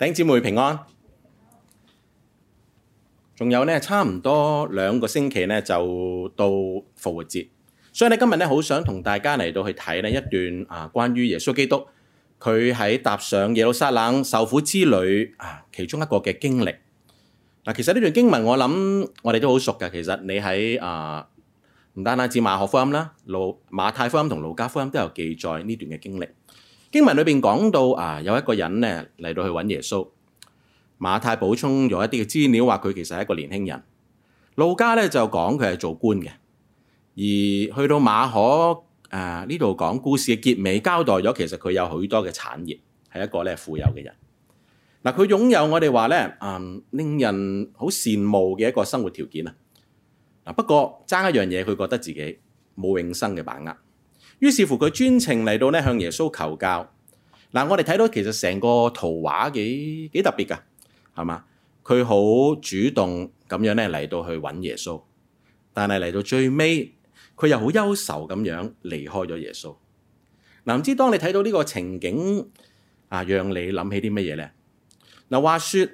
弟兄姐妹平安，仲有呢差唔多兩個星期呢就到復活節，所以咧今日呢，好想同大家嚟到去睇呢一段啊關於耶穌基督佢喺踏上耶路撒冷受苦之旅啊其中一個嘅經歷。嗱、啊，其實呢段經文我諗我哋都好熟㗎。其實你喺啊唔單單止馬可福音啦，路馬太福音同路加福音都有記載呢段嘅經歷。經文裏面講到啊，有一個人咧嚟到去揾耶穌。馬太補充咗一啲嘅資料，話佢其實係一個年輕人。路加呢就講佢係做官嘅，而去到馬可誒呢度講故事嘅結尾，交代咗其實佢有許多嘅產業，係一個咧富有嘅人。嗱、啊，佢擁有我哋話咧啊，令人好羨慕嘅一個生活條件啊。不過爭一樣嘢，佢覺得自己冇永生嘅把握。於是乎佢專程嚟到咧向耶穌求教。嗱、啊，我哋睇到其實成個圖畫幾幾特別㗎，係嘛？佢好主動咁樣咧嚟到去揾耶穌，但係嚟到最尾佢又好憂愁咁樣離開咗耶穌。嗱、啊，唔知當你睇到呢個情景啊，讓你諗起啲乜嘢咧？嗱、啊，話説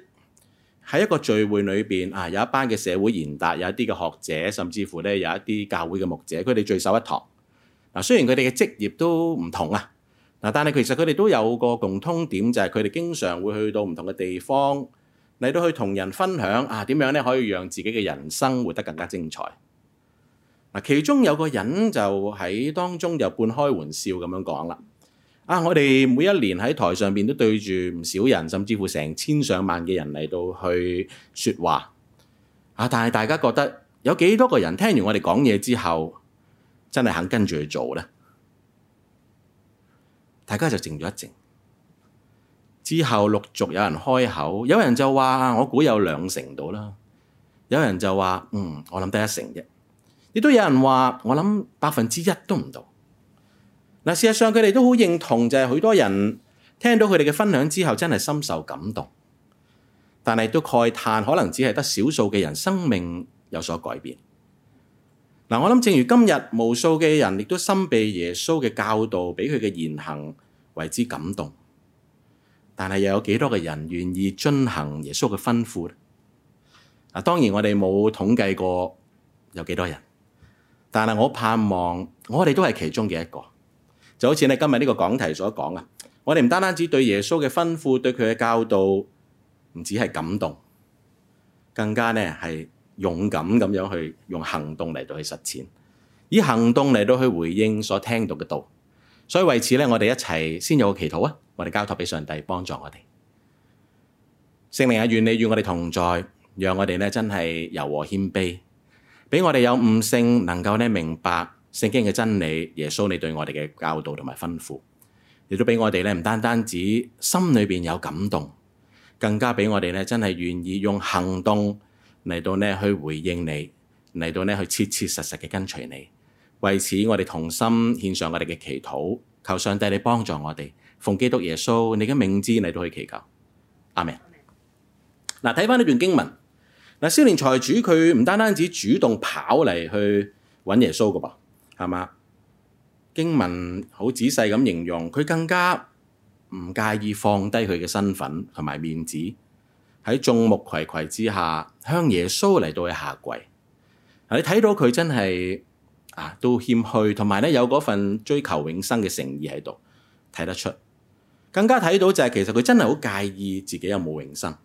喺一個聚會裏邊啊，有一班嘅社會賢達，有一啲嘅學者，甚至乎咧有一啲教會嘅牧者，佢哋聚首一堂。嗱，雖然佢哋嘅職業都唔同啊，嗱，但係其實佢哋都有個共通點，就係佢哋經常會去到唔同嘅地方嚟到去同人分享啊，點樣咧可以讓自己嘅人生活得更加精彩。嗱、啊，其中有個人就喺當中就半開玩笑咁樣講啦，啊，我哋每一年喺台上邊都對住唔少人，甚至乎成千上萬嘅人嚟到去説話啊，但係大家覺得有幾多個人聽完我哋講嘢之後，真係肯跟住去做呢，大家就靜咗一靜。之後陸續有人開口，有人就話：我估有兩成到啦。有人就話：嗯，我諗得一成啫。亦都有人話：我諗百分之一都唔到。嗱、啊，事實上佢哋都好認同，就係許多人聽到佢哋嘅分享之後，真係深受感動。但係都慨嘆，可能只係得少數嘅人生命有所改變。我諗，正如今日，無數嘅人亦都深被耶穌嘅教導，俾佢嘅言行為之感動。但係又有幾多嘅人願意遵行耶穌嘅吩咐咧？嗱，當然我哋冇統計過有幾多人，但係我盼望我哋都係其中嘅一個。就好似咧今日呢個講題所講啊，我哋唔單單止對耶穌嘅吩咐，對佢嘅教導唔止係感動，更加咧係。勇敢咁樣去用行動嚟到去實踐，以行動嚟到去回應所聽到嘅道。所以為此咧，我哋一齊先有祈禱啊！我哋交託畀上帝幫助我哋。聖靈啊，願你與我哋同在，讓我哋咧真係柔和謙卑，畀我哋有悟性能夠呢，能夠咧明白聖經嘅真理。耶穌，你對我哋嘅教導同埋吩咐，亦都畀我哋咧唔單單只心裏邊有感動，更加畀我哋咧真係願意用行動。嚟到呢去回應你，嚟到呢去切切實實嘅跟隨你。為此，我哋同心獻上我哋嘅祈禱，求上帝你幫助我哋，奉基督耶穌你嘅名字你都可以祈求，阿們 Amen.，嗱，睇返呢段經文，少年財主佢唔單單止主動跑嚟去揾耶穌噶噃，係嘛？經文好仔細咁形容，佢更加唔介意放低佢嘅身份同埋面子。喺眾目睽睽之下，向耶穌嚟到去下跪。啊、你睇到佢真係啊，都謙虛，同埋咧有嗰份追求永生嘅誠意喺度，睇得出。更加睇到就係、是，其實佢真係好介意自己有冇永生。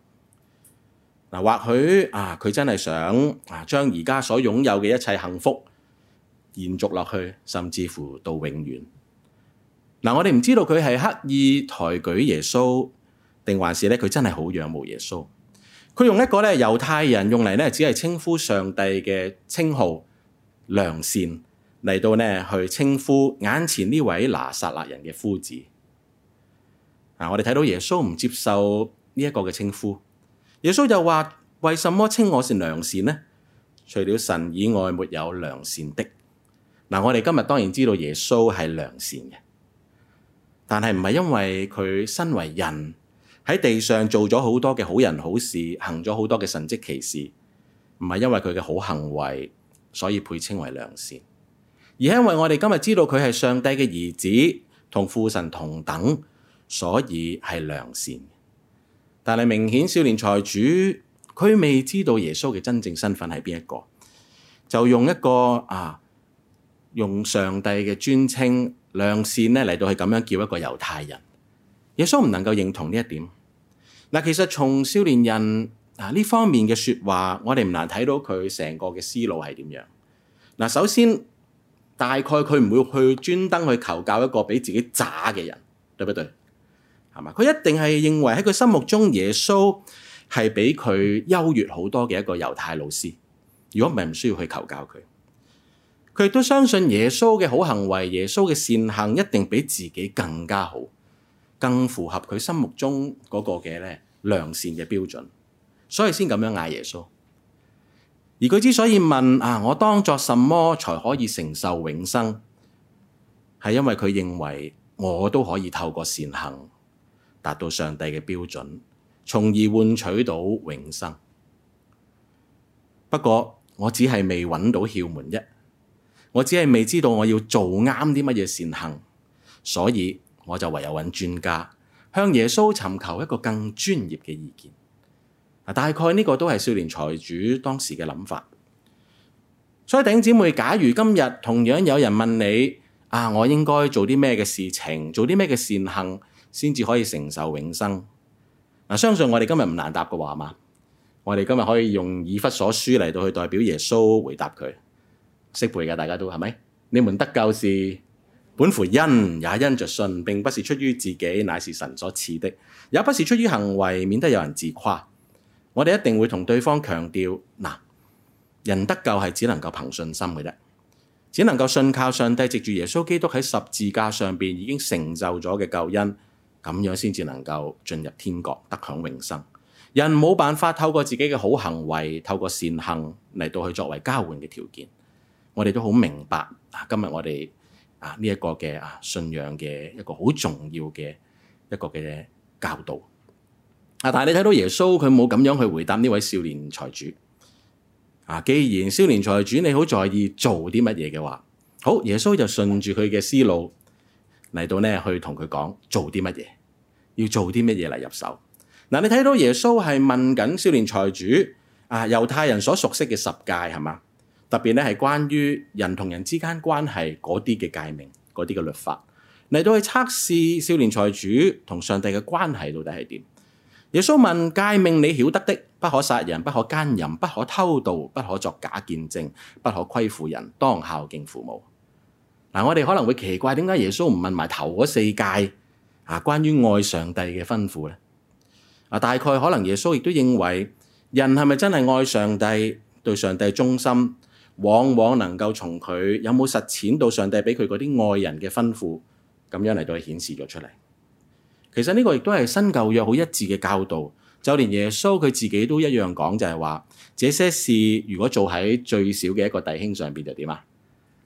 嗱、啊，或許啊，佢真係想啊，將而家所擁有嘅一切幸福延續落去，甚至乎到永遠。嗱、啊，我哋唔知道佢係刻意抬舉耶穌。定還是呢？佢真係好仰慕耶穌。佢用一個呢猶太人用嚟呢只係稱呼上帝嘅稱號，良善嚟到呢去稱呼眼前呢位拿撒勒人嘅夫子。嗱、啊，我哋睇到耶穌唔接受呢一個嘅稱呼。耶穌又話：為什麼稱我是良善呢？除了神以外，沒有良善的。嗱、啊，我哋今日當然知道耶穌係良善嘅，但係唔係因為佢身為人。喺地上做咗好多嘅好人好事，行咗好多嘅神蹟奇事，唔係因為佢嘅好行為，所以配稱為良善，而係因為我哋今日知道佢係上帝嘅兒子，同父神同等，所以係良善。但係明顯少年財主，佢未知道耶穌嘅真正身份係邊一個，就用一個啊，用上帝嘅尊稱良善咧嚟到去咁樣叫一個猶太人。耶穌唔能夠認同呢一點。嗱，其實從少年人啊呢方面嘅說話，我哋唔難睇到佢成個嘅思路係點樣。嗱，首先大概佢唔會去專登去求教一個比自己差嘅人，對不對？係嘛，佢一定係認為喺佢心目中耶穌係比佢優越好多嘅一個猶太老師。如果唔係，唔需要去求教佢。佢亦都相信耶穌嘅好行為、耶穌嘅善行一定比自己更加好。更符合佢心目中嗰個嘅咧良善嘅標準，所以先咁樣嗌耶穌。而佢之所以問啊，我當作什麼才可以承受永生，係因為佢認為我都可以透過善行達到上帝嘅標準，從而換取到永生。不過我只係未揾到竅門啫，我只係未，未知道我要做啱啲乜嘢善行，所以。我就唯有揾專家向耶穌尋求一個更專業嘅意見。啊、大概呢個都係少年財主當時嘅諗法。所以頂姊妹，假如今日同樣有人問你：啊，我應該做啲咩嘅事情，做啲咩嘅善行，先至可以承受永生？啊、相信我哋今日唔難答嘅話嘛。我哋今日可以用以弗所書嚟到去代表耶穌回答佢，識背嘅大家都係咪？你們得救是本乎恩，也因着信，並不是出於自己，乃是神所賜的，也不是出於行為，免得有人自誇。我哋一定會同對方強調，嗱，人得救係只能夠憑信心嘅啫，只能夠信靠上帝，藉住耶穌基督喺十字架上邊已經成就咗嘅救恩，咁樣先至能夠進入天國，得享永生。人冇辦法透過自己嘅好行為，透過善行嚟到去作為交換嘅條件。我哋都好明白，今日我哋。啊！呢、這個啊、一個嘅啊信仰嘅一個好重要嘅一個嘅教導啊！但係你睇到耶穌佢冇咁樣去回答呢位少年財主啊！既然少年財主你好在意做啲乜嘢嘅話，好耶穌就順住佢嘅思路嚟到咧去同佢講做啲乜嘢，要做啲乜嘢嚟入手。嗱、啊，你睇到耶穌係問緊少年財主啊猶太人所熟悉嘅十戒係嘛？特別咧係關於人同人之間關係嗰啲嘅誡命，嗰啲嘅律法嚟到去測試少年財主同上帝嘅關係到底係點？耶穌問誡命，你曉得的，不可殺人，不可奸淫，不可偷盜，不可作假見證，不可虧負人，當孝敬父母。嗱、啊，我哋可能會奇怪點解耶穌唔問埋頭嗰四誡啊？關於愛上帝嘅吩咐咧啊，大概可能耶穌亦都認為人係咪真係愛上帝，對上帝忠心？往往能夠從佢有冇實踐到上帝畀佢嗰啲愛人嘅吩咐，咁樣嚟到顯示咗出嚟。其實呢個亦都係新舊約好一致嘅教導，就連耶穌佢自己都一樣講，就係話這些事如果做喺最小嘅一個弟兄上邊就點啊？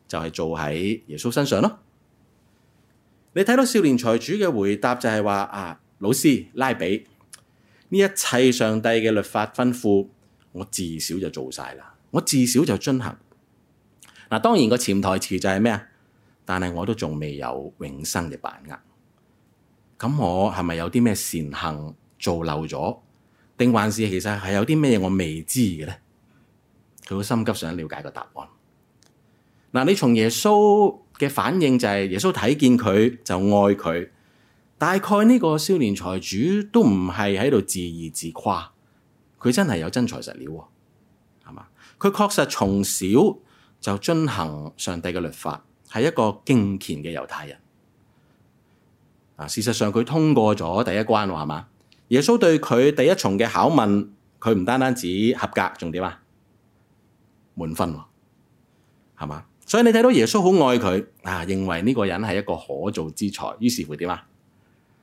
就係、是、做喺耶穌身上咯。你睇到少年財主嘅回答就係話：啊，老師、拉比，呢一切上帝嘅律法吩咐，我至少就做晒啦。我至少就遵行嗱，當然個潛台詞就係咩啊？但係我都仲未有永生嘅把握。咁我係咪有啲咩善行做漏咗，定還是其實係有啲咩我未知嘅咧？佢好心急想了解個答案。嗱，你從耶穌嘅反應就係耶穌睇見佢就愛佢。大概呢個少年財主都唔係喺度自以自誇，佢真係有真材實料喎。佢確實從小就遵行上帝嘅律法，係一個敬虔嘅猶太人。啊，事實上佢通過咗第一關喎，係嘛？耶穌對佢第一重嘅拷問，佢唔單單只合格，仲點啊？滿分喎，係嘛？所以你睇到耶穌好愛佢啊，認為呢個人係一個可造之才，於是乎點啊？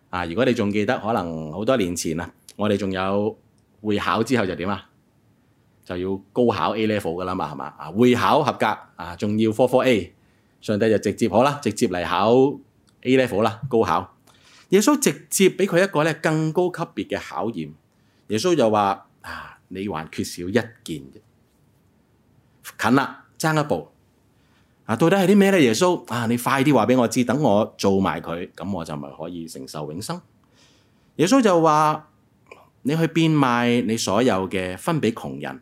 啊，如果你仲記得，可能好多年前啊，我哋仲有會考之後就點啊？就要高考 A level 噶啦嘛，係嘛？啊，會考合格啊，仲要科科 A，上帝就直接好啦，直接嚟考 A level 啦，高考。耶穌直接畀佢一個咧更高級別嘅考驗。耶穌就話啊，你還缺少一件啫，近啦，爭一步。啊，到底係啲咩咧？耶穌啊，你快啲話畀我知，等我做埋佢，咁我就咪可以承受永生。耶穌就話，你去變賣你所有嘅分畀窮人。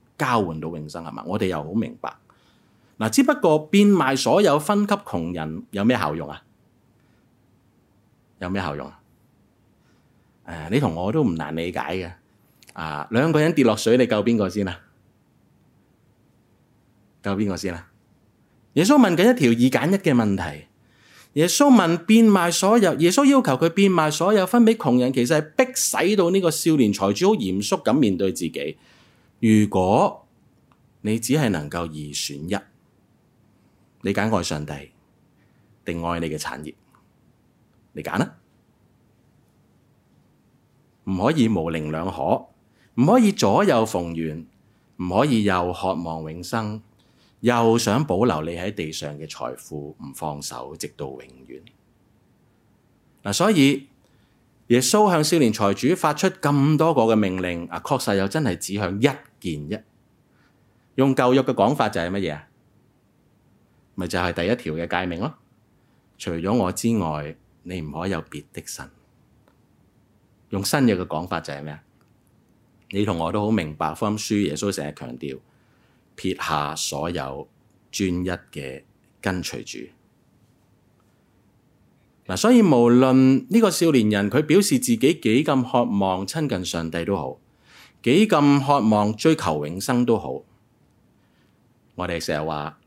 交換到永生係嘛？我哋又好明白，嗱、啊，只不過變賣所有分給窮人，有咩效用啊？有咩效用啊？啊，你同我都唔難理解嘅。啊，兩個人跌落水，你救邊個先啊？救邊個先啦、啊？耶穌問緊一條二揀一嘅問題。耶穌問變賣所有，耶穌要求佢變賣所有分俾窮人，其實係逼使到呢個少年財主好嚴肅咁面對自己。如果你只係能夠二選一，你揀愛上帝定愛你嘅產業，你揀啦，唔可以模棱兩可，唔可以左右逢源，唔可以又渴望永生，又想保留你喺地上嘅財富唔放手，直到永遠。嗱，所以耶穌向少年財主發出咁多個嘅命令，啊，確實又真係指向一。見一用舊約嘅講法就係乜嘢？咪就係、是、第一條嘅誡命咯。除咗我之外，你唔可以有別的神。用新約嘅講法就係咩啊？你同我都好明白福音書耶穌成日強調撇下所有，專一嘅跟隨主。嗱、啊，所以無論呢個少年人佢表示自己幾咁渴望親近上帝都好。幾咁渴望追求永生都好，我哋成日話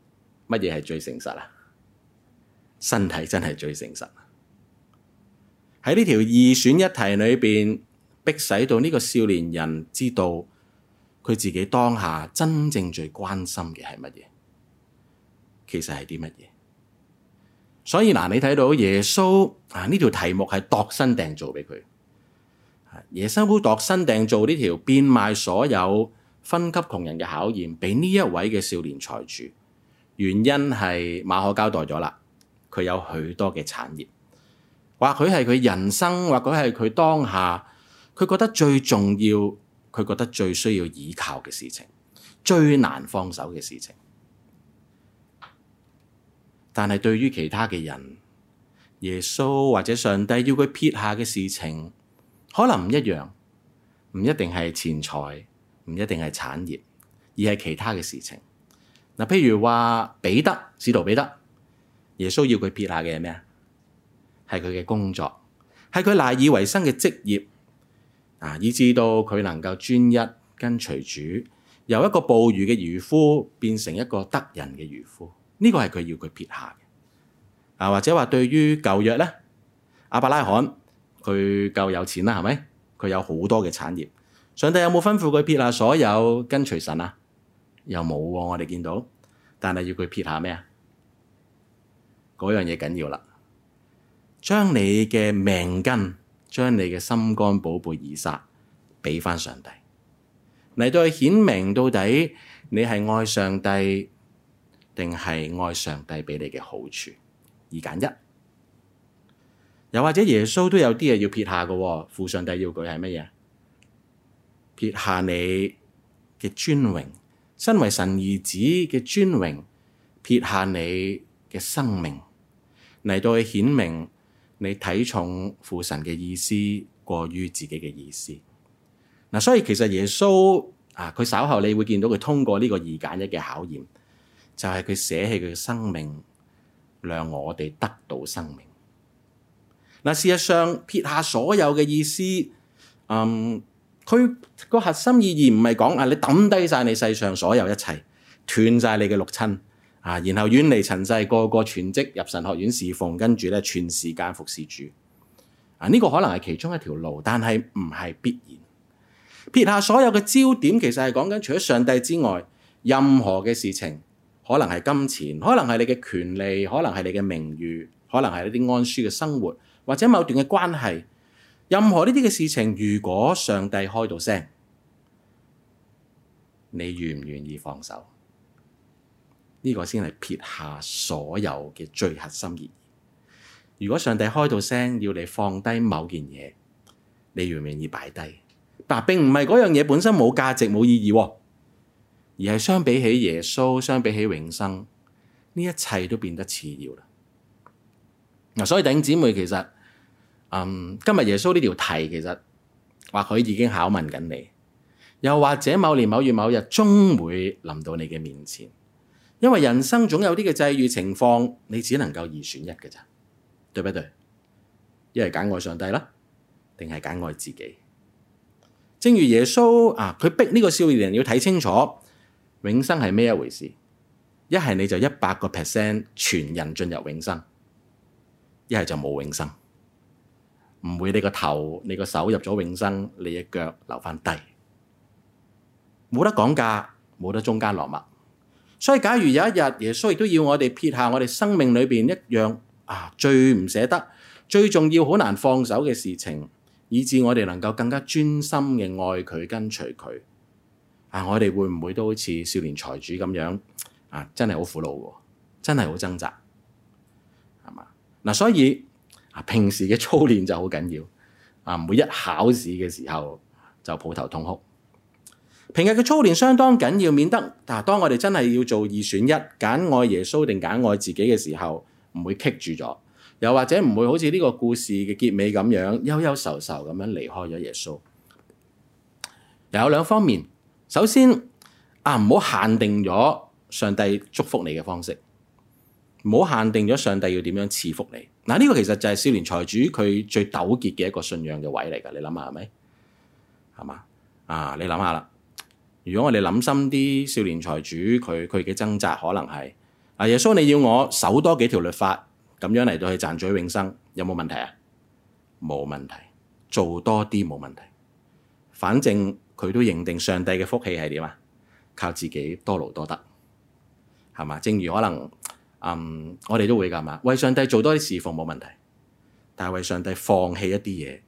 乜嘢係最誠實啊？身體真係最誠實。喺呢條二選一題裏邊，迫使到呢個少年人知道佢自己當下真正最關心嘅係乜嘢，其實係啲乜嘢。所以嗱，你睇到耶穌啊，呢條題目係度身訂做畀佢。耶穌度身訂做呢條變賣所有分給窮人嘅考驗俾呢一位嘅少年財主，原因係馬可交代咗啦，佢有許多嘅產業，或許係佢人生，或許係佢當下，佢覺得最重要，佢覺得最需要依靠嘅事情，最難放手嘅事情。但係對於其他嘅人，耶穌或者上帝要佢撇下嘅事情。可能唔一樣，唔一定係錢財，唔一定係產業，而係其他嘅事情。譬如話彼得，使徒彼得，耶穌要佢撇下嘅係咩啊？係佢嘅工作，係佢賴以為生嘅職業，啊，以致到佢能夠專一跟隨主，由一個捕魚嘅漁夫變成一個得人嘅漁夫。呢個係佢要佢撇下嘅。啊，或者話對於舊約呢，亞伯拉罕。佢夠有錢啦，係咪？佢有好多嘅產業。上帝有冇吩咐佢撇下所有跟隨神啊？又冇喎、啊，我哋見到。但係要佢撇下咩啊？嗰樣嘢緊要啦。將你嘅命根，將你嘅心肝寶貝以撒畀返上帝，嚟到去顯明到底你係愛上帝，定係愛上帝畀你嘅好處？二揀一。又或者耶穌都有啲嘢，要撇下嘅、哦，父上帝要佢係乜嘢？撇下你嘅尊榮，身為神兒子嘅尊榮，撇下你嘅生命嚟到去顯明你睇重父神嘅意思過於自己嘅意思。嗱、啊，所以其實耶穌啊，佢稍後你會見到佢通過呢個二揀一嘅考驗，就係佢捨棄佢嘅生命，讓我哋得到生命。嗱，事實上撇下所有嘅意思，嗯，佢個核心意義唔係講啊，你抌低晒你世上所有一切，斷晒你嘅六親啊，然後遠離塵世，個個全職入神學院侍奉，跟住咧全時間服侍主。啊，呢個可能係其中一條路，但係唔係必然。撇下所有嘅焦點，其實係講緊除咗上帝之外，任何嘅事情，可能係金錢，可能係你嘅權利，可能係你嘅名譽，可能係一啲安舒嘅生活。或者某段嘅關係，任何呢啲嘅事情，如果上帝開到聲，你願唔願意放手？呢、呢個先係撇下所有嘅最核心意義。如果上帝開到聲，要你放低某件嘢，你願唔願意擺低？但係並唔係嗰樣嘢本身冇價值、冇意義，啊，而係相比起耶穌，相比起永生，呢一切都變得次要啦。嗱，所以弟兄姊妹其實。Um, 今日耶穌呢條題其實或許已經考問緊你，又或者某年某月某日終會臨到你嘅面前，因為人生總有啲嘅際遇情況，你只能夠二選一嘅咋，對不對？一係揀愛上帝啦，定係揀愛自己。正如耶穌啊，佢逼呢個少年人要睇清楚永生係咩一回事，一係你就一百個 percent 全人進入永生，一係就冇永生。唔會你個頭、你個手入咗永生，你隻腳留翻低，冇得講價，冇得中間落墨。所以假如有一日耶穌亦都要我哋撇下我哋生命裏邊一樣啊最唔捨得、最重要、好難放手嘅事情，以致我哋能夠更加專心嘅愛佢、跟隨佢。啊，我哋會唔會都好似少年財主咁樣啊？真係好苦惱，真係好掙扎，係嘛？嗱、啊，所以。平時嘅操練就好緊要，啊！唔會一考試嘅時候就抱頭痛哭。平日嘅操練相當緊要，免得嗱、啊，當我哋真係要做二選一，揀愛耶穌定揀愛自己嘅時候，唔會棘住咗，又或者唔會好似呢個故事嘅結尾咁樣憂憂愁愁咁樣離開咗耶穌。又有兩方面，首先啊，唔好限定咗上帝祝福你嘅方式，唔好限定咗上帝要點樣賜福你。嗱，呢個其實就係少年財主佢最糾結嘅一個信仰嘅位嚟㗎，你諗下係咪？係嘛？啊，你諗下啦。如果我哋諗深啲，少年財主佢佢嘅掙扎可能係啊，耶穌你要我守多幾條律法，咁樣嚟到去賺取永生，有冇問題啊？冇問題，做多啲冇問題。反正佢都認定上帝嘅福氣係點啊？靠自己多勞多得，係嘛？正如可能。嗯，um, 我哋都會㗎嘛，為上帝做多啲事奉冇問題，但係為上帝放棄一啲嘢，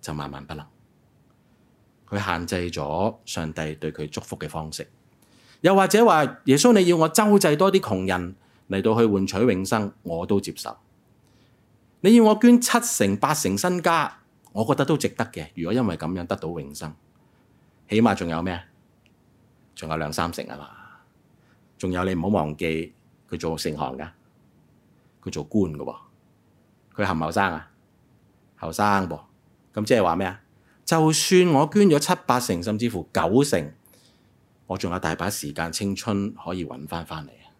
就萬萬不能。佢限制咗上帝對佢祝福嘅方式，又或者話耶穌你要我周濟多啲窮人嚟到去換取永生，我都接受。你要我捐七成八成身家，我覺得都值得嘅。如果因為咁樣得到永生，起碼仲有咩？仲有兩三成吖嘛，仲有你唔好忘記。佢做成行噶，佢做官噶喎，佢係唔係後生啊？後生噃，咁即係話咩啊？就算我捐咗七八成，甚至乎九成，我仲有大把時間、青春可以搵翻翻嚟啊！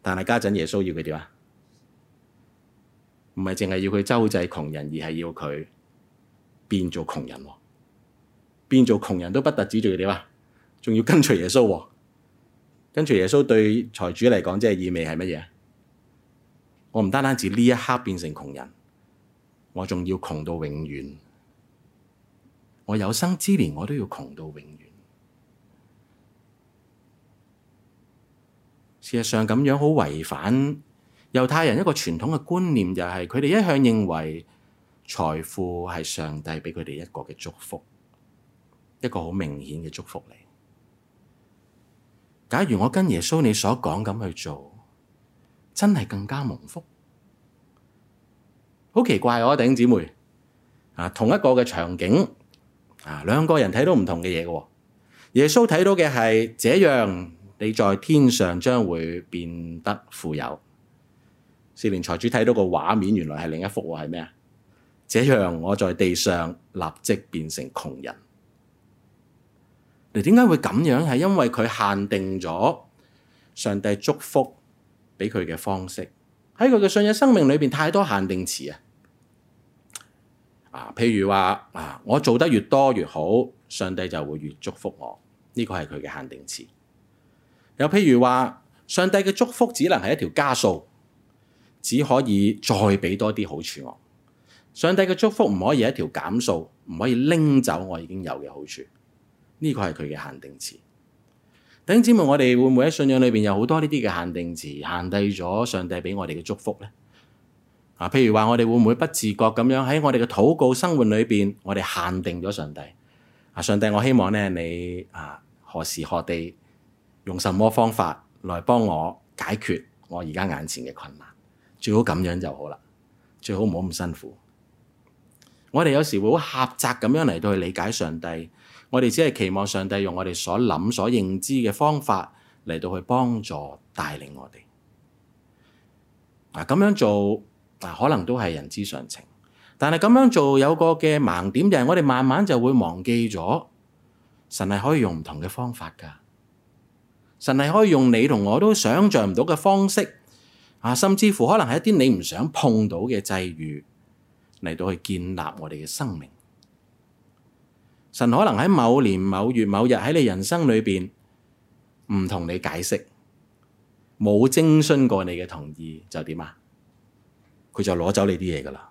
但係家陣耶穌要佢點啊？唔係淨係要佢周濟窮人，而係要佢變做窮人喎，變做窮人都不特止，仲要點啊？仲要跟隨耶穌喎。跟住耶穌對財主嚟講，即係意味係乜嘢？我唔單單只呢一刻變成窮人，我仲要窮到永遠。我有生之年，我都要窮到永遠。事實上，咁樣好違反猶太人一個傳統嘅觀念，就係佢哋一向認為財富係上帝畀佢哋一個嘅祝福，一個好明顯嘅祝福嚟。假如我跟耶穌你所講咁去做，真係更加蒙福。好奇怪弟兄姊妹啊，同一個嘅場景啊，兩個人睇到唔同嘅嘢噶。耶穌睇到嘅係這樣，你在天上將會變得富有。少年財主睇到個畫面，原來係另一幅畫，係咩啊？這樣我在地上立即變成窮人。你點解會咁樣？係因為佢限定咗上帝祝福畀佢嘅方式，喺佢嘅信仰生命裏邊太多限定詞啊！啊，譬如話啊，我做得越多越好，上帝就會越祝福我。呢個係佢嘅限定詞。又譬如話，上帝嘅祝福只能係一條加數，只可以再畀多啲好處我。上帝嘅祝福唔可以係一條減數，唔可以拎走我已經有嘅好處。呢個係佢嘅限定詞。弟兄姊妹，我哋會唔會喺信仰裏邊有好多呢啲嘅限定詞，限定咗上帝畀我哋嘅祝福咧？啊，譬如話我哋會唔會不自覺咁樣喺我哋嘅禱告生活裏邊，我哋限定咗上帝？啊，上帝，我希望咧你啊，何時何地，用什麼方法來幫我解決我而家眼前嘅困難？最好咁樣就好啦，最好唔好咁辛苦。我哋有時會好狹窄咁樣嚟到去理解上帝。我哋只係期望上帝用我哋所諗所認知嘅方法嚟到去幫助帶領我哋，啊咁樣做啊可能都係人之常情，但係咁樣做有個嘅盲點就係我哋慢慢就會忘記咗，神係可以用唔同嘅方法噶，神係可以用你同我都想象唔到嘅方式啊，甚至乎可能係一啲你唔想碰到嘅際遇嚟到去建立我哋嘅生命。神可能喺某年某月某日喺你人生裏邊唔同你解釋，冇徵詢過你嘅同意就點啊？佢就攞走你啲嘢噶啦。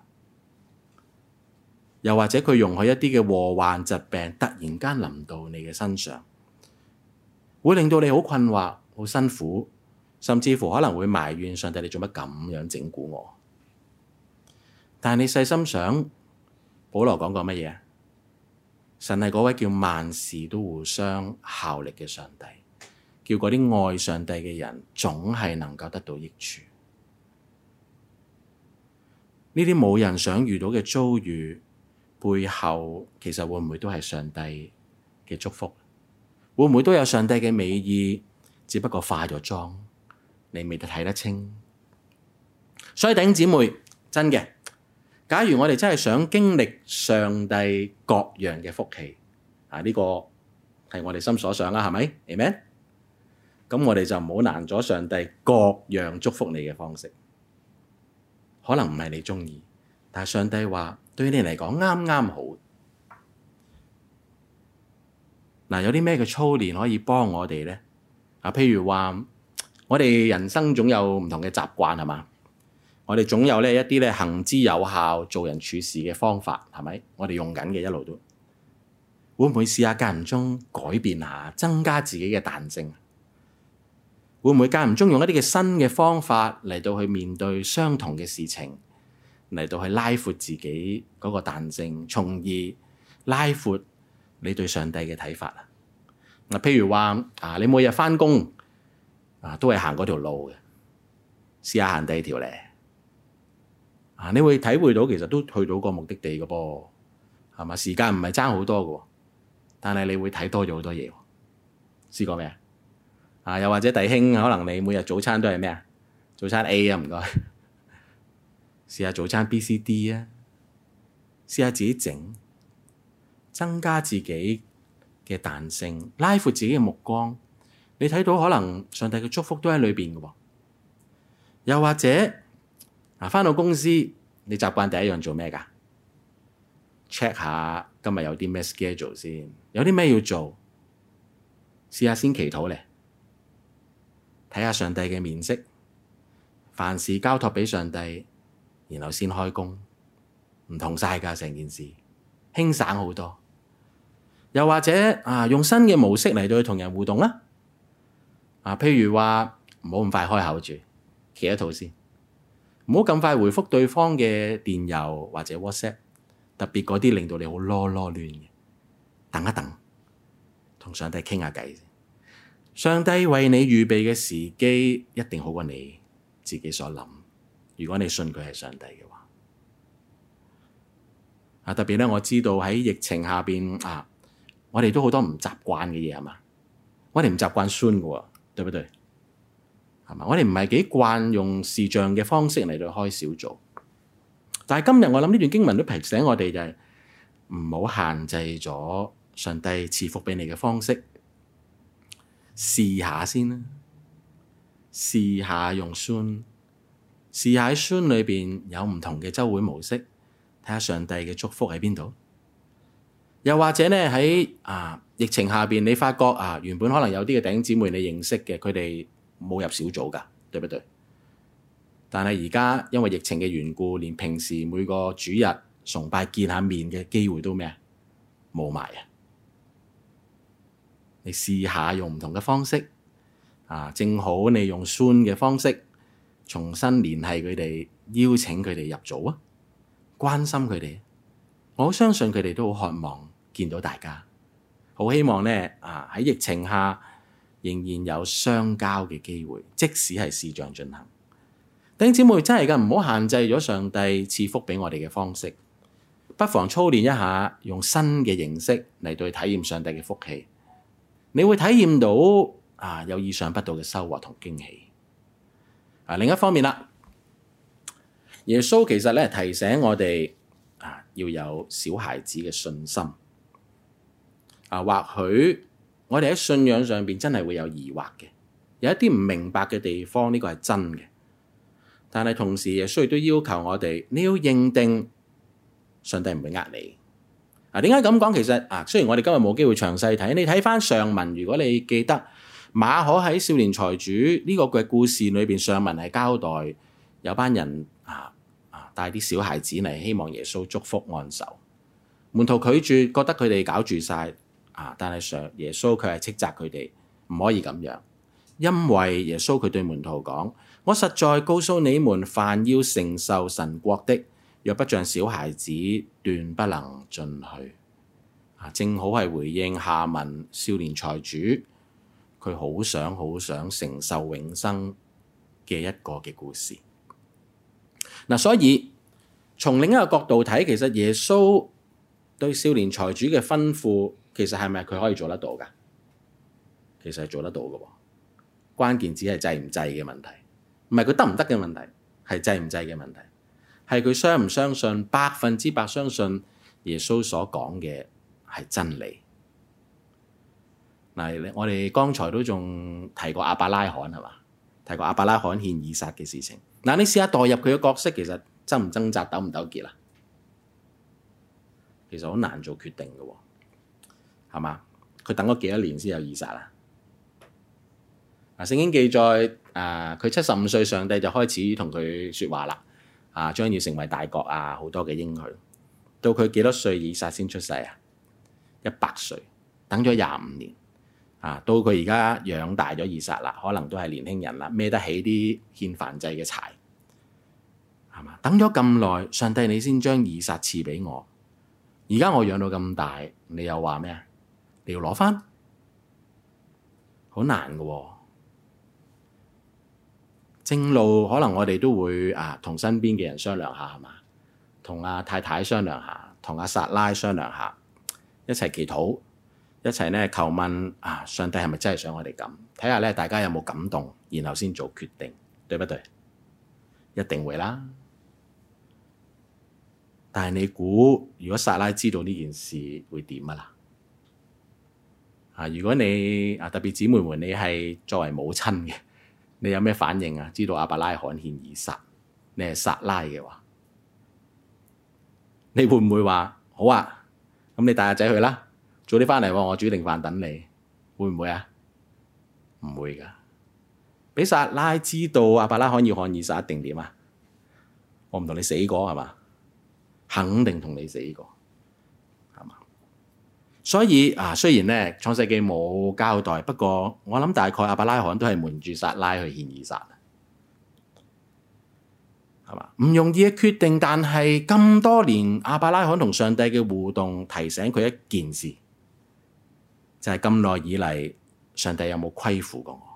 又或者佢容許一啲嘅禍患疾病突然間臨到你嘅身上，會令到你好困惑、好辛苦，甚至乎可能會埋怨上帝：你做乜咁樣整蠱我？但係你細心想保羅，保羅講過乜嘢啊？神係嗰位叫萬事都互相效力嘅上帝，叫嗰啲愛上帝嘅人總係能夠得到益處。呢啲冇人想遇到嘅遭遇背後，其實會唔會都係上帝嘅祝福？會唔會都有上帝嘅美意？只不過化咗妝，你未得睇得清。所以頂姊妹，真嘅。假如我哋真係想經歷上帝各樣嘅福氣，啊呢個係我哋心所想啦，係咪？Amen。咁我哋就唔好難阻上帝各樣祝福你嘅方式，可能唔係你鍾意，但係上帝話對於你嚟講啱啱好。嗱，有啲咩嘅操練可以幫我哋咧？啊，譬如話我哋人生總有唔同嘅習慣，係嘛？我哋總有一啲行之有效、做人處事嘅方法，係咪？我哋用緊嘅一路都會唔會試下間唔中改變下，增加自己嘅彈性？會唔會間唔中用一啲嘅新嘅方法嚟到去面對相同嘅事情，嚟到去拉闊自己嗰個彈性，從而拉闊你對上帝嘅睇法？啊，譬如話啊，你每日返工啊都係行嗰條路嘅，試下行第二條咧。你會體會到其實都去到個目的地嘅噃，係嘛？時間唔係爭好多嘅，但係你會睇多咗好多嘢。試過未啊？啊，又或者弟兄，可能你每日早餐都係咩啊？早餐 A 啊，唔該。試 下早餐 B、C、D 啊，試下自己整，增加自己嘅彈性，拉闊自己嘅目光。你睇到可能上帝嘅祝福都喺裏邊嘅喎。又或者，返到公司，你習慣第一樣做咩噶？check 下今日有啲咩 schedule 先，有啲咩要做，試下先祈禱咧，睇下上帝嘅面色，凡事交託畀上帝，然後先開工，唔同晒噶成件事，輕省好多。又或者啊，用新嘅模式嚟到同人互動啦，啊，譬如話唔好咁快開口住，祈一禱先。唔好咁快回覆對方嘅電郵或者 WhatsApp，特別嗰啲令到你好囉囉攣嘅，等一等，同上帝傾下偈。上帝為你預備嘅時機一定好過你自己所諗，如果你信佢係上帝嘅話。啊，特別咧，我知道喺疫情下邊啊，我哋都好多唔習慣嘅嘢啊嘛，我哋唔習慣酸喎，對唔對？係嘛？我哋唔係幾慣用視像嘅方式嚟到開小組，但係今日我諗呢段經文都提醒我哋就係唔好限制咗上帝賜福畀你嘅方式，試下先啦，試下用 Zoom，試下喺 Zoom 裏邊有唔同嘅周會模式，睇下上帝嘅祝福喺邊度。又或者呢，喺啊疫情下邊，你發覺啊原本可能有啲嘅頂姊妹你認識嘅，佢哋。冇入小組㗎，對不對？但係而家因為疫情嘅緣故，連平時每個主日崇拜見下面嘅機會都咩啊，冇埋啊！你試下用唔同嘅方式啊，正好你用 Zoom 嘅方式重新聯繫佢哋，邀請佢哋入組啊，關心佢哋。我相信佢哋都好渴望見到大家，好希望呢啊喺疫情下。仍然有相交嘅機會，即使係視像進行，弟兄姊妹真係噶，唔好限制咗上帝賜福畀我哋嘅方式，不妨操練一下，用新嘅形式嚟對體驗上帝嘅福氣，你會體驗到啊有意想不到嘅收穫同驚喜。啊，另一方面啦，耶穌其實咧提醒我哋啊要有小孩子嘅信心，啊或許。我哋喺信仰上邊真係會有疑惑嘅，有一啲唔明白嘅地方，呢、這個係真嘅。但係同時，耶穌都要求我哋，你要認定上帝唔會呃你。嗱、啊，點解咁講？其實啊，雖然我哋今日冇機會詳細睇，你睇翻上文，如果你記得馬可喺《少年財主》呢、這個嘅故事裏邊，上文係交代有班人啊啊帶啲小孩子嚟，希望耶穌祝福按手，門徒拒絕，覺得佢哋搞住晒。啊！但係上耶穌佢係斥責佢哋唔可以咁樣，因為耶穌佢對門徒講：我實在告訴你們，凡要承受神國的，若不像小孩子，斷不能進去。啊！正好係回應下文少年財主，佢好想好想承受永生嘅一個嘅故事。嗱，所以從另一個角度睇，其實耶穌對少年財主嘅吩咐。其實係咪佢可以做得到㗎？其實係做得到嘅喎、哦，關鍵只係制唔制嘅問題，唔係佢得唔得嘅問題，係制唔制嘅問題，係佢相唔相信百分之百相信耶穌所講嘅係真理。嗱，我哋剛才都仲提過亞伯拉罕係嘛？提過亞伯拉罕獻以撒嘅事情。嗱，你試下代入佢嘅角色，其實掙唔掙扎、糾唔糾結啦、啊？其實好難做決定嘅喎、哦。係嘛？佢等咗幾多年先有以撒啊？嗱、啊，聖經記載，誒、啊，佢七十五歲，上帝就開始同佢説話啦。啊，將要成為大國啊，好多嘅英雄。到佢幾多歲以撒先出世啊？一百歲，等咗廿五年。啊，到佢而家養大咗以撒啦，可能都係年輕人啦，孭得起啲獻燔祭嘅柴。係嘛？等咗咁耐，上帝你先將以撒賜畀我。而家我養到咁大，你又話咩啊？你要攞翻，好難噶、哦。正路可能我哋都會啊，同身邊嘅人商量下，係嘛？同阿、啊、太太商量下，同阿、啊、撒拉商量下，一齊祈禱，一齊咧求問啊，上帝係咪真係想我哋咁？睇下大家有冇感動，然後先做決定，對不對？一定會啦。但係你估，如果撒拉知道呢件事，會點啊？啦？啊！如果你啊特別姊妹們，你係作為母親嘅，你有咩反應啊？知道阿伯拉罕獻以撒，你係撒拉嘅話，你會唔會話好啊？咁你帶阿仔去啦，早啲返嚟喎，我煮定飯等你，會唔會啊？唔會㗎，畀撒拉知道阿伯拉罕要獻以撒，一定點啊？我唔同你死過係嘛？肯定同你死過。所以啊，雖然呢，創世記冇交代，不過我諗大概亞伯拉罕都係瞞住撒拉去獻以撒，係嘛？唔容易嘅決定，但係咁多年亞伯拉罕同上帝嘅互動，提醒佢一件事，就係咁耐以嚟上帝有冇虧負過我？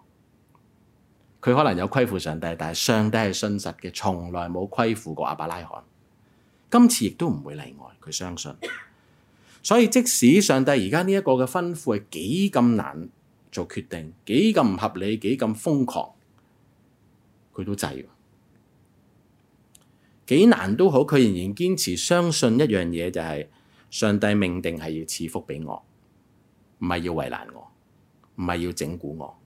佢可能有虧負上帝，但係上帝係信實嘅，從來冇虧負過亞伯拉罕，今次亦都唔會例外。佢相信。所以即使上帝而家呢一個嘅吩咐係幾咁難做決定，幾咁唔合理，幾咁瘋狂，佢都制。幾難都好，佢仍然堅持相信一樣嘢就係上帝命定係要賜福畀我，唔係要為難我，唔係要整蠱我。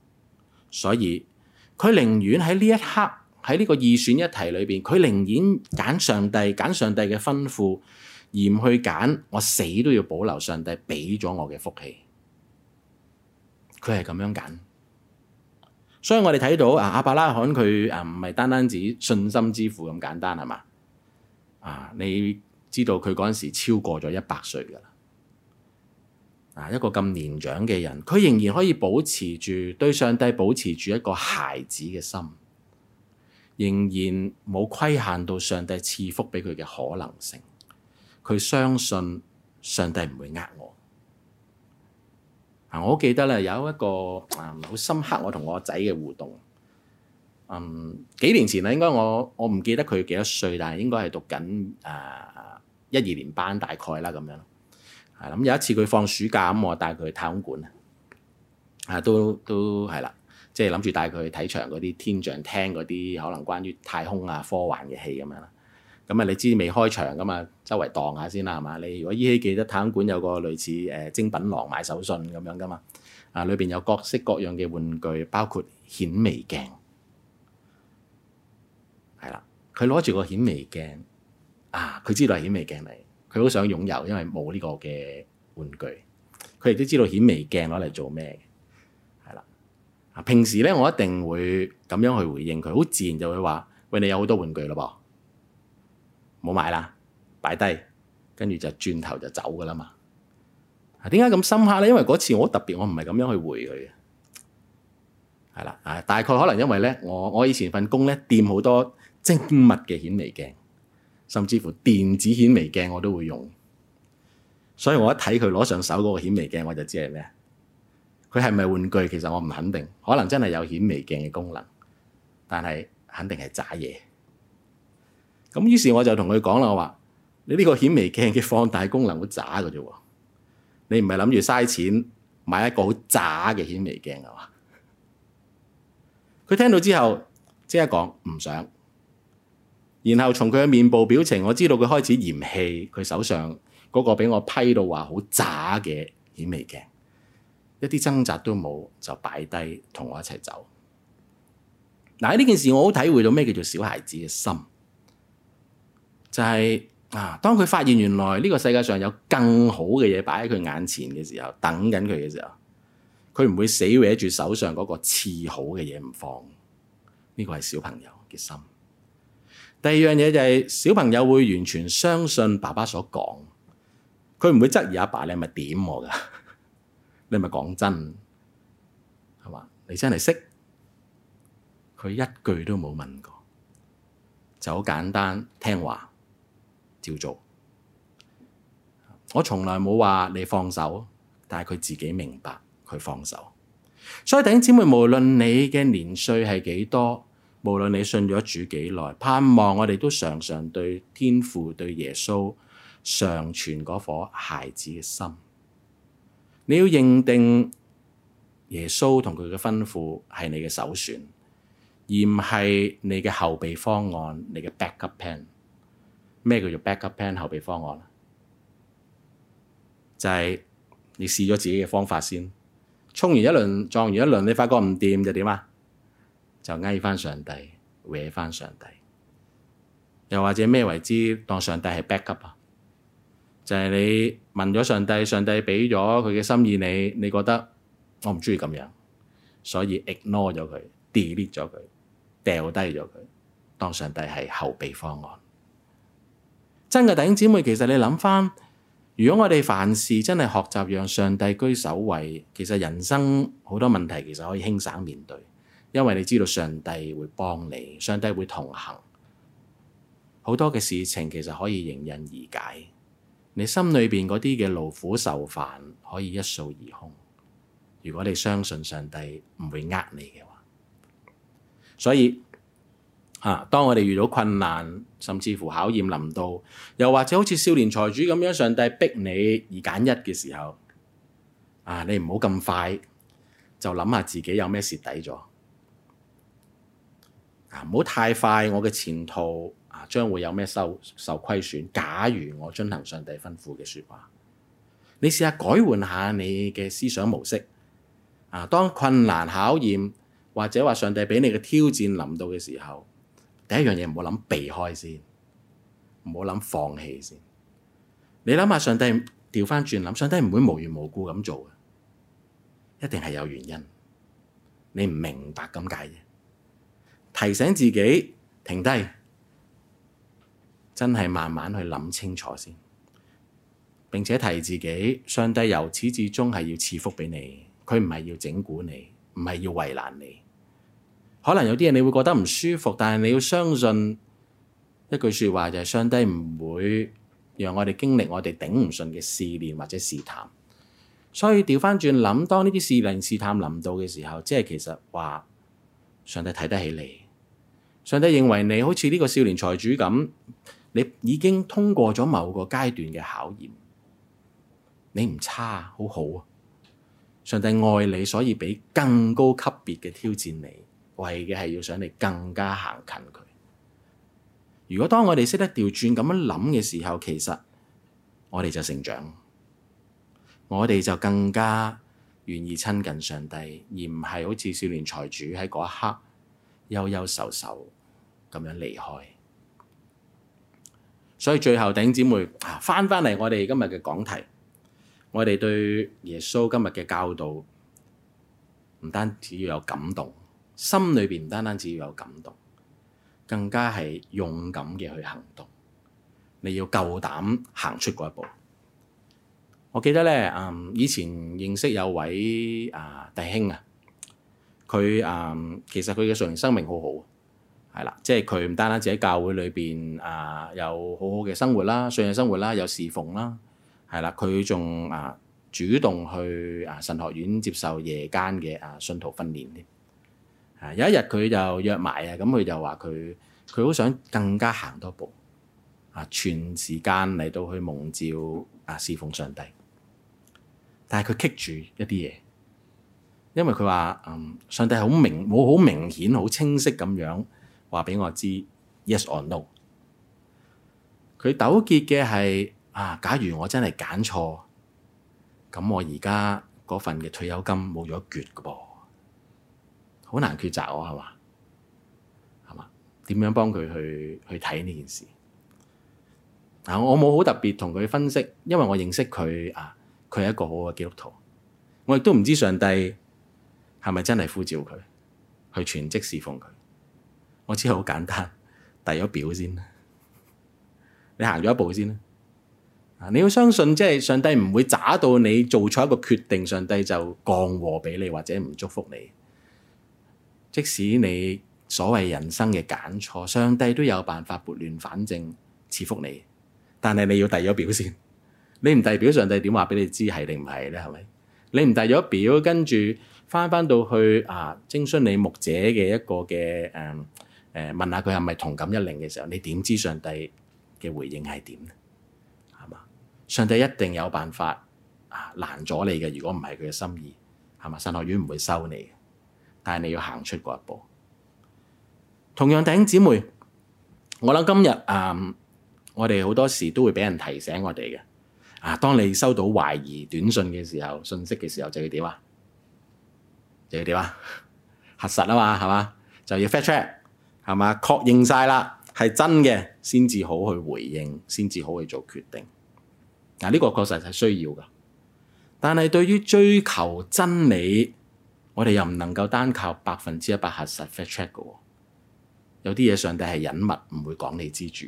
所以佢寧願喺呢一刻喺呢個二選一題裏邊，佢寧願揀上帝揀上帝嘅吩咐。而唔去揀，我死都要保留上帝畀咗我嘅福氣。佢係咁樣揀，所以我哋睇到啊，阿伯拉罕佢誒唔係單單止信心之父咁簡單係嘛啊？你知道佢嗰陣時超過咗一百歲㗎啦啊！一個咁年長嘅人，佢仍然可以保持住對上帝保持住一個孩子嘅心，仍然冇規限到上帝賜福畀佢嘅可能性。佢相信上帝唔會呃我。啊，我記得咧有一個啊，好、嗯、深刻我同我仔嘅互動。嗯，幾年前咧，應該我我唔記得佢幾多歲，但係應該係讀緊誒一二年班大概啦咁樣。係、嗯、咁有一次佢放暑假，咁我帶佢去太空館啊，都都係啦，即係諗住帶佢去睇場嗰啲天象廳嗰啲可能關於太空啊科幻嘅戲咁樣。咁啊、嗯！你知未開場噶嘛？周圍蕩下先啦，係嘛？你如果依、e、稀記得，探險館有個類似誒、呃、精品廊買手信咁樣噶嘛？啊，裏邊有各式各樣嘅玩具，包括顯微鏡。係啦，佢攞住個顯微鏡，啊，佢知道係顯微鏡嚟，佢好想擁有，因為冇呢個嘅玩具。佢亦都知道顯微鏡攞嚟做咩嘅。係啦。啊，平時咧，我一定會咁樣去回應佢，好自然就會話：喂，你有好多玩具啦噃。冇買啦，擺低，跟住就轉頭就走㗎喇嘛。啊，點解咁深刻呢？因為嗰次我特別，我唔係咁樣去回佢嘅，大概可能因為呢，我以前份工呢，掂好多精密嘅顯微鏡，甚至乎電子顯微鏡我都會用，所以我一睇佢攞上手嗰個顯微鏡，我就知係咩。佢係咪玩具？其實我唔肯定，可能真係有顯微鏡嘅功能，但係肯定係渣嘢。咁於是我就同佢講啦，我話：你呢個顯微鏡嘅放大功能好渣嘅啫喎，你唔係諗住嘥錢買一個好渣嘅顯微鏡嘅嘛？佢聽到之後即刻講唔想，然後從佢嘅面部表情我知道佢開始嫌棄佢手上嗰個俾我批到話好渣嘅顯微鏡，一啲掙扎都冇就擺低同我一齊走。嗱，呢件事我好體會到咩叫做小孩子嘅心。就係啊！當佢發現原來呢個世界上有更好嘅嘢擺喺佢眼前嘅時候，等緊佢嘅時候，佢唔會死搲住手上嗰個次好嘅嘢唔放。呢個係小朋友嘅心。第二樣嘢就係小朋友會完全相信爸爸所講，佢唔會質疑阿爸，你係咪點我㗎？你係咪講真？係嘛？你真係識？佢一句都冇問過，就好簡單聽話。照做，我從來冇話你放手，但係佢自己明白佢放手。所以弟兄姊妹，無論你嘅年歲係幾多，無論你信咗主幾耐，盼望我哋都常常對天父、對耶穌常存嗰顆孩子嘅心。你要認定耶穌同佢嘅吩咐係你嘅首選，而唔係你嘅後備方案，你嘅 backup plan。咩叫做 backup plan 後備方案？就係、是、你試咗自己嘅方法先，衝完一輪撞完一輪，你發覺唔掂就點啊？就哀翻上帝，搲翻上帝。又或者咩為之當上帝係 backup 啊？就係、是、你問咗上帝，上帝畀咗佢嘅心意你，你覺得我唔中意咁樣，所以 ignore 咗佢，delete 咗佢，掉低咗佢，當上帝係後備方案。真嘅弟兄姊妹，其實你諗翻，如果我哋凡事真係學習讓上帝居首位，其實人生好多問題其實可以輕省面對，因為你知道上帝會幫你，上帝會同行。好多嘅事情其實可以迎刃而解，你心裏邊嗰啲嘅勞苦愁煩可以一掃而空。如果你相信上帝唔會呃你嘅話，所以。啊！當我哋遇到困難，甚至乎考驗臨到，又或者好似少年財主咁樣，上帝逼你二揀一嘅時候，啊！你唔好咁快就諗下自己有咩蝕底咗啊！唔好太快，我嘅前途啊，將會有咩受受虧損。假如我遵行上帝吩咐嘅説話，你試下改換下你嘅思想模式啊！當困難考驗或者話上帝畀你嘅挑戰臨到嘅時候。第一樣嘢唔好諗避開先，唔好諗放棄先。你諗下，上帝調翻轉諗，上帝唔會無緣無故咁做，一定係有原因。你唔明白咁解啫，提醒自己停低，真係慢慢去諗清楚先，並且提自己，上帝由始至終係要賜福畀你，佢唔係要整蠱你，唔係要為難你。可能有啲嘢你會覺得唔舒服，但係你要相信一句說話，就係上帝唔會讓我哋經歷我哋頂唔順嘅試煉或者試探。所以調翻轉諗，當呢啲試煉試探臨到嘅時候，即係其實話上帝睇得起你，上帝認為你好似呢個少年財主咁，你已經通過咗某個階段嘅考驗，你唔差，好好啊！上帝愛你，所以畀更高級別嘅挑戰你。為嘅係要想你更加行近佢。如果當我哋識得調轉咁樣諗嘅時候，其實我哋就成長，我哋就更加願意親近上帝，而唔係好似少年財主喺嗰一刻憂憂愁愁咁樣離開。所以最後弟兄姊妹啊，翻翻嚟我哋今日嘅講題，我哋對耶穌今日嘅教導唔單止要有感動。心裏邊唔單單只有感動，更加係勇敢嘅去行動。你要夠膽行出嗰一步。我記得呢，嗯，以前認識有位啊弟兄啊，佢嗯其實佢嘅屬靈生命好好係啦，即係佢唔單單只喺教會裏邊啊有好好嘅生活啦，信仰生活啦，有侍奉啦，係啦，佢仲啊主動去啊神學院接受夜間嘅啊信徒訓練添。啊有一日佢就約埋啊，咁佢就話佢佢好想更加行多一步啊，全時間嚟到去蒙召啊侍奉上帝，但係佢棘住一啲嘢，因為佢話嗯上帝好明冇好明顯好清晰咁樣話畀我知 yes or no。佢糾結嘅係啊，假如我真係揀錯，咁我而家嗰份嘅退休金冇咗一橛㗎噃。好難抉擇，啊，我係嘛係嘛？點樣幫佢去去睇呢件事嗱？我冇好特別同佢分析，因為我認識佢啊，佢係一個好嘅基督徒。我亦都唔知上帝係咪真係呼召佢去全職侍奉佢。我知好簡單，遞咗表先，你行咗一步先啊！你要相信，即係上帝唔會渣到你做錯一個決定，上帝就降禍畀你或者唔祝福你。即使你所謂人生嘅揀錯，上帝都有辦法撥亂反正，賜福你。但係你要遞咗表先，你唔遞表，表，上帝點話俾你知係定唔係咧？係咪？你唔遞咗表，跟住返返到去，啊徵詢你牧者嘅一個嘅誒誒問下佢係咪同感一靈嘅時候，你點知上帝嘅回應係點咧？係嘛？上帝一定有辦法啊，攔阻你嘅，如果唔係佢嘅心意，係嘛？神學院唔會收你。但係你要行出嗰一步。同樣，弟兄姊妹，我諗今日誒、嗯，我哋好多時都會俾人提醒我哋嘅。啊，當你收到懷疑短信嘅時候，信息嘅時候，就要點啊？就要點啊？ 核實啊嘛，係嘛？就要 fact check，係嘛？確認晒啦，係真嘅，先至好去回應，先至好去做決定。嗱、啊，呢、這個確實係需要嘅。但係對於追求真理，我哋又唔能夠單靠百分之一百核實 fact check 嘅，有啲嘢上帝係隱密，唔會講你知住。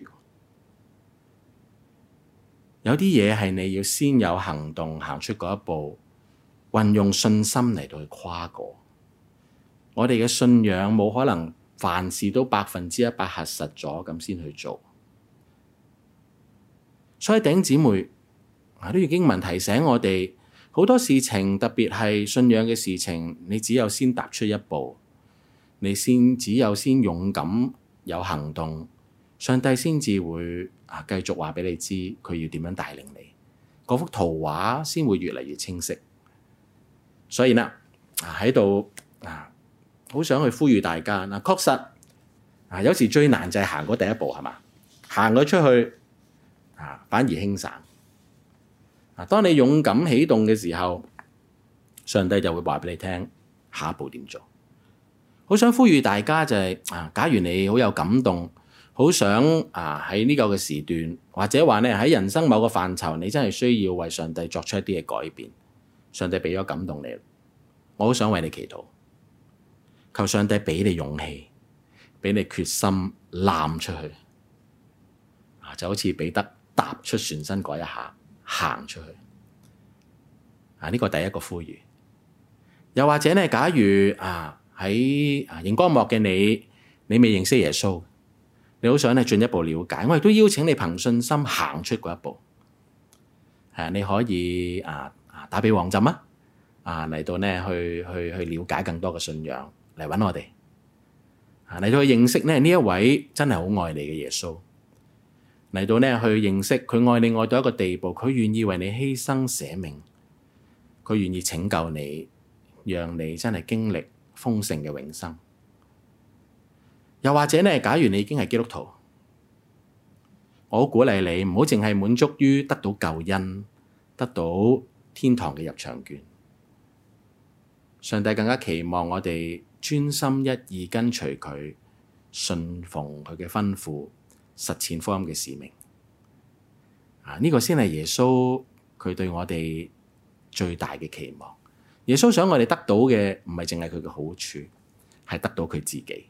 有啲嘢係你要先有行動，行出嗰一步，運用信心嚟到去跨過。我哋嘅信仰冇可能凡事都百分之一百核實咗咁先去做。所以頂姊妹，呢條經文提醒我哋。好多事情，特別係信仰嘅事情，你只有先踏出一步，你先只有先勇敢有行動，上帝先至會啊繼續話畀你知佢要點樣帶領你，嗰幅圖畫先會越嚟越清晰。所以呢，喺度啊，好想去呼籲大家嗱，確實啊，有時最難就係行過第一步係嘛？行咗出去啊反而輕省。嗱，當你勇敢起動嘅時候，上帝就會話俾你聽下一步點做。好想呼籲大家就係啊，假如你好有感動，好想啊喺呢個嘅時段，或者話咧喺人生某個範疇，你真係需要為上帝作出一啲嘅改變。上帝俾咗感動你，我好想為你祈禱，求上帝俾你勇氣，俾你決心，攬出去就好似彼得踏出船身嗰一下。行出去啊！呢個第一個呼籲，又或者咧，假如啊喺熒光幕嘅你，你未認識耶穌，你好想咧進一步了解，我亦都邀請你憑信心行出嗰一步。啊，你可以啊啊打俾黃浸啊啊嚟到咧去去去了解更多嘅信仰，嚟揾我哋啊嚟到去認識咧呢一位真係好愛你嘅耶穌。嚟到呢去認識佢愛你愛到一個地步，佢願意為你犧牲捨命，佢願意拯救你，讓你真係經歷豐盛嘅永生。又或者呢，假如你已經係基督徒，我鼓勵你唔好淨係滿足於得到救恩，得到天堂嘅入場券。上帝更加期望我哋專心一意跟隨佢，順奉佢嘅吩咐。實踐福音嘅使命，呢、啊，呢個先係耶穌佢對我哋最大嘅期望。耶穌想我哋得到嘅唔係淨係佢嘅好處，係得到佢自己。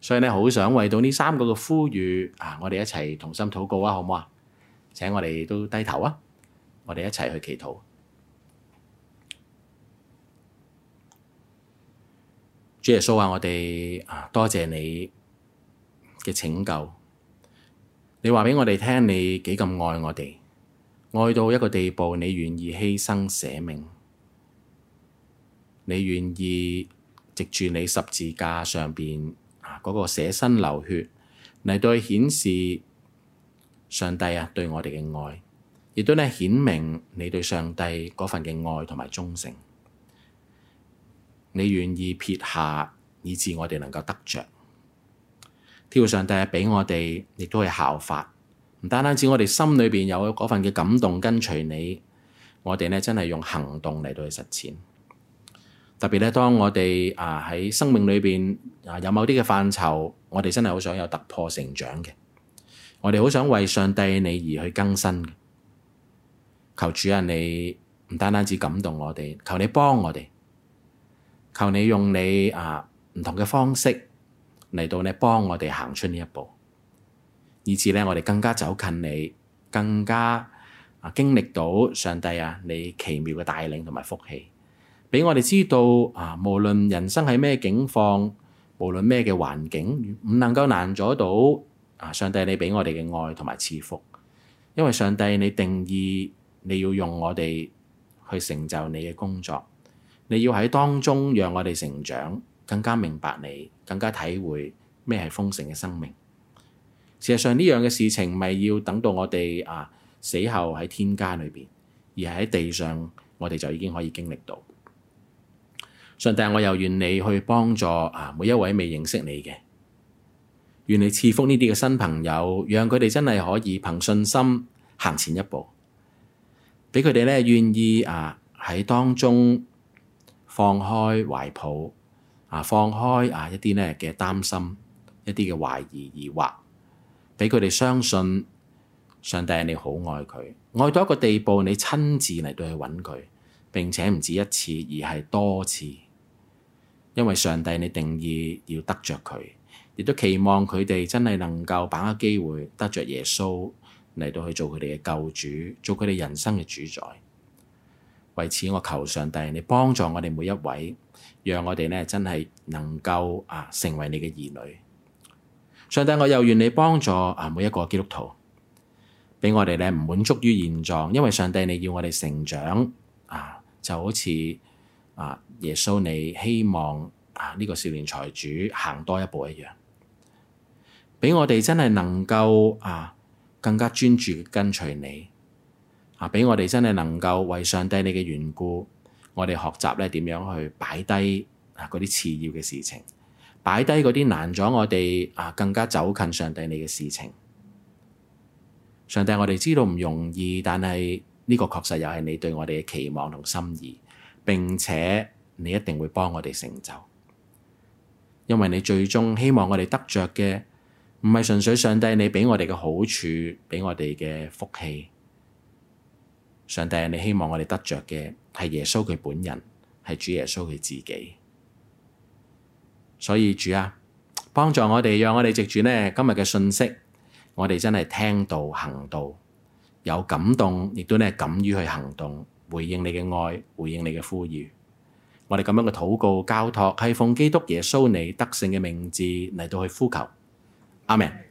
所以咧，好想為到呢三個嘅呼籲啊，我哋一齊同心禱告啊，好唔好啊？請我哋都低頭啊，我哋一齊去祈禱。主耶穌話：我哋啊，多謝你。嘅拯救，你話畀我哋聽，你幾咁愛我哋，愛到一個地步，你願意犧牲捨命，你願意藉住你十字架上邊啊嗰個捨身流血，嚟對顯示上帝啊對我哋嘅愛，亦都咧顯明你對上帝嗰份嘅愛同埋忠誠，你願意撇下，以至我哋能夠得着。跳上帝畀我哋，亦都係效法，唔單單止我哋心裏邊有嗰份嘅感動，跟隨你，我哋咧真係用行動嚟到去實踐。特別咧，當我哋啊喺生命裏邊啊有某啲嘅範疇，我哋真係好想有突破成長嘅，我哋好想為上帝你而去更新嘅。求主啊，你唔單單止感動我哋，求你幫我哋，求你用你啊唔同嘅方式。嚟到你幫我哋行出呢一步，以致咧我哋更加走近你，更加啊經歷到上帝啊你奇妙嘅帶領同埋福氣，畀我哋知道啊無論人生係咩境況，無論咩嘅環境唔能夠難阻到啊上帝你畀我哋嘅愛同埋賜福，因為上帝你定意你要用我哋去成就你嘅工作，你要喺當中讓我哋成長，更加明白你。更加體會咩係豐盛嘅生命。事實上呢樣嘅事情唔係要等到我哋啊死後喺天家裏邊，而係喺地上，我哋就已經可以經歷到。上帝，我又願你去幫助啊每一位未認識你嘅，願你賜福呢啲嘅新朋友，讓佢哋真係可以憑信心行前一步，畀佢哋咧願意啊喺當中放開懷抱。啊，放開啊，一啲咧嘅擔心，一啲嘅懷疑疑惑，畀佢哋相信上帝，你好愛佢，愛到一個地步，你親自嚟到去揾佢，並且唔止一次，而係多次，因為上帝，你定意要得着佢，亦都期望佢哋真係能夠把握機會得着耶穌嚟到去做佢哋嘅救主，做佢哋人生嘅主宰。為此，我求上帝，你幫助我哋每一位，讓我哋咧真係能夠啊成為你嘅兒女。上帝，我又願你幫助啊每一個基督徒，畀我哋咧唔滿足於現狀，因為上帝你要我哋成長啊，就好似啊耶穌你希望啊呢個少年財主行多一步一樣，俾我哋真係能夠啊更加專注跟隨你。啊！俾我哋真係能夠為上帝你嘅緣故，我哋學習咧點樣去擺低啊嗰啲次要嘅事情，擺低嗰啲難阻我哋啊更加走近上帝你嘅事情。上帝，我哋知道唔容易，但係呢個確實又係你對我哋嘅期望同心意。並且你一定會幫我哋成就，因為你最終希望我哋得着嘅唔係純粹上帝你畀我哋嘅好處，畀我哋嘅福氣。上帝，你希望我哋得着嘅係耶穌佢本人，係主耶穌佢自己。所以主啊，幫助我哋，讓我哋藉住咧今日嘅信息，我哋真係聽道行道，有感動，亦都咧敢於去行動，回應你嘅愛，回應你嘅呼籲。我哋咁樣嘅禱告交托係奉基督耶穌你得勝嘅名字嚟到去呼求。阿門。